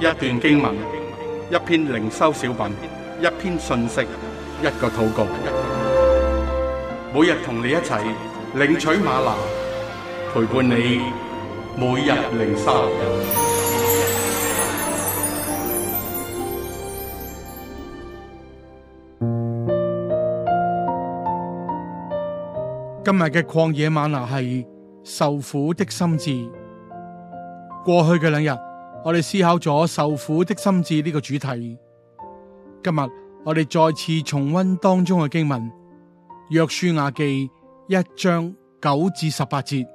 一段經文，一篇靈修小品，一篇信息，一個禱告。每日同你一齊領取嗎哪，陪伴你每日靈修。今日嘅曠野嗎哪係「受苦的心志」。過去嘅兩日，我哋思考咗受苦的心志呢個主題，今日我哋再次重溫當中嘅經文《約書亞記》一章九至十八節，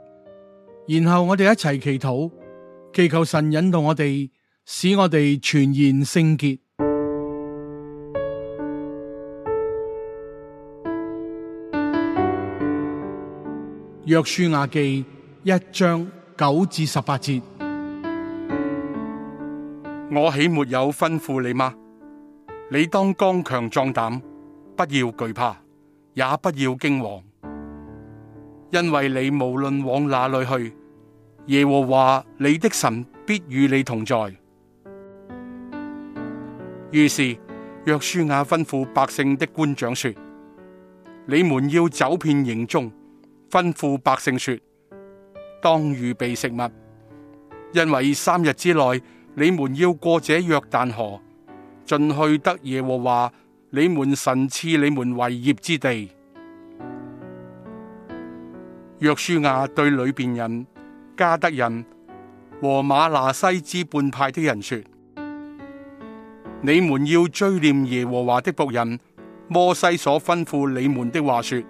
然後我哋一齊祈禱，祈求神引導我哋，使我哋全然聖潔。《約書亞記》一章九至十八節。我豈沒有吩咐你嗎？你當剛強壯膽，不要懼怕，也不要驚惶，因為你無論往哪裏去，耶和華你的神必與你同在。於是約書亞吩咐百姓的官長說：你們要走遍營中，吩咐百姓說：當預備食物，因為三日之內。你們要過這約旦河，進去得耶和華你們神賜你們為業之地。約書亞對流便人、迦得人和瑪拿西半支派的人說：你們要追念耶和華的僕人摩西所吩咐你們的話，說：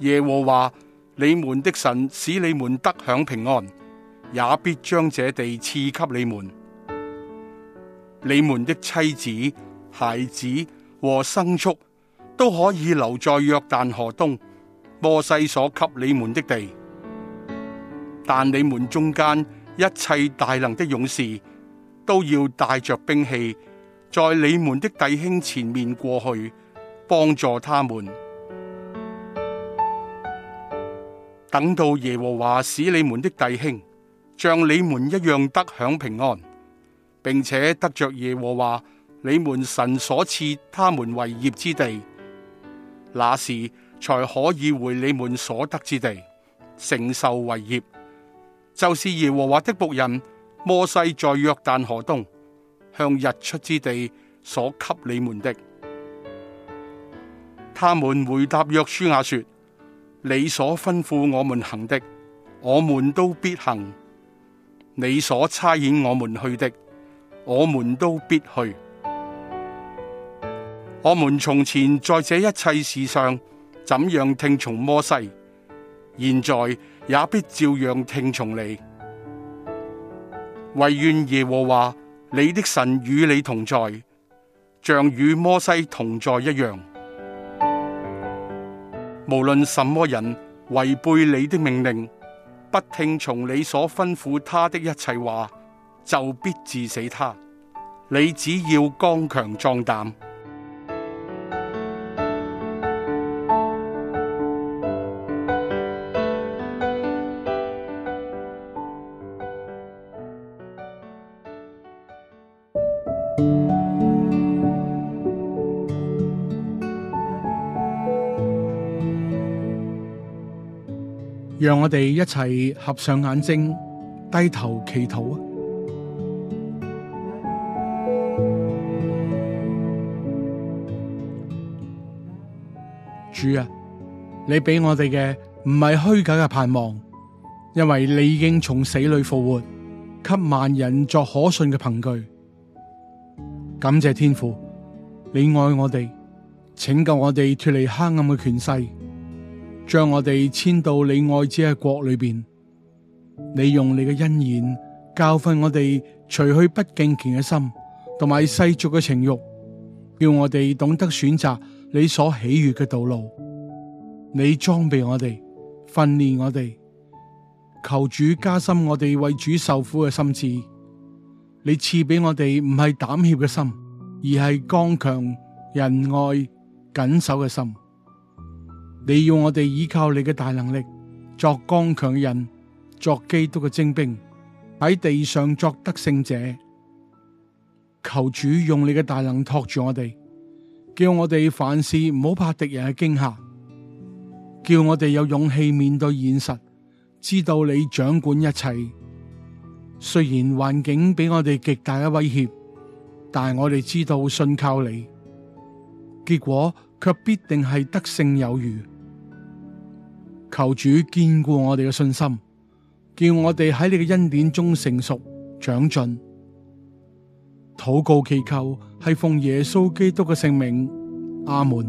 耶和華你們的神使你們得享平安。也必將這地賜給你們，你們的妻子、孩子和牲畜都可以留在約旦河東，摩西所給你們的地。但你們中間一切大能的勇士，都要帶着兵器，在你們的弟兄前面過去，幫助他們。等到耶和華使你們的弟兄。像你們一樣得享平安，並且得着耶和華你們神所賜他們為業之地，那時才可以回你們所得之地承受為業。就是耶和華的僕人摩西在約旦河東向日出之地所給你們的。他們回答約書亞說：你所吩咐我們行的，我們都必行。你所差遣我們去的，我們都必去。我們從前在這一切事上怎樣聽從摩西，現在也必照樣聽從你。惟願耶和華你的神與你同在，像與摩西同在一樣。無論什麼人違背你的命令，不聽從你所吩咐他的一切話，就必治死他。你只要剛強壯膽。讓我哋一齊合上眼睛，低頭祈禱啊！主啊，你俾我哋嘅唔係虛假嘅盼望，因為你已經從死裏復活，給萬人作可信嘅憑據。感謝天父，你愛我哋，拯救我哋脱離黑暗嘅權勢。將我哋遷到你愛子嘅國裏邊，你用你嘅恩典教訓我哋，除去不敬虔嘅心同埋世俗嘅情慾，叫我哋懂得選擇你所喜悦嘅道路。你裝備我哋，訓練我哋，求主加深我哋為主受苦嘅心志。你賜俾我哋唔係膽怯嘅心，而係剛強仁愛緊守嘅心。你要我哋依靠你嘅大能力，作剛強人，作基督嘅精兵，喺地上作得勝者。求主用你嘅大能托住我哋，叫我哋凡事唔好怕敵人嘅驚嚇，叫我哋有勇氣面對現實，知道你掌管一切。雖然環境俾我哋極大嘅威脅，但係我哋知道信靠你，結果卻必定係得勝有餘。求主堅固我哋嘅信心，叫我哋喺你嘅恩典中成熟長進。禱告祈求係奉耶穌基督嘅聖名，阿門。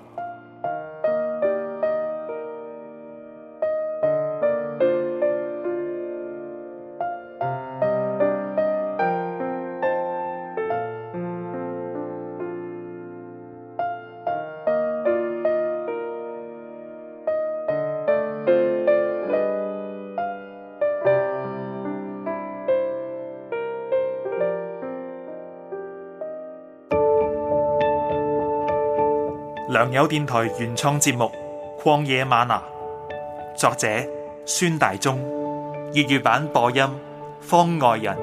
良友電台原創節目《曠野嗎哪》，作者孫大中，粵語版播音方外人，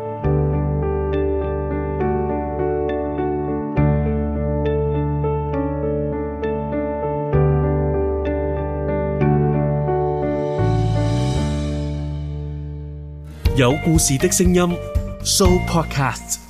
有故事的聲音，Show Podcast。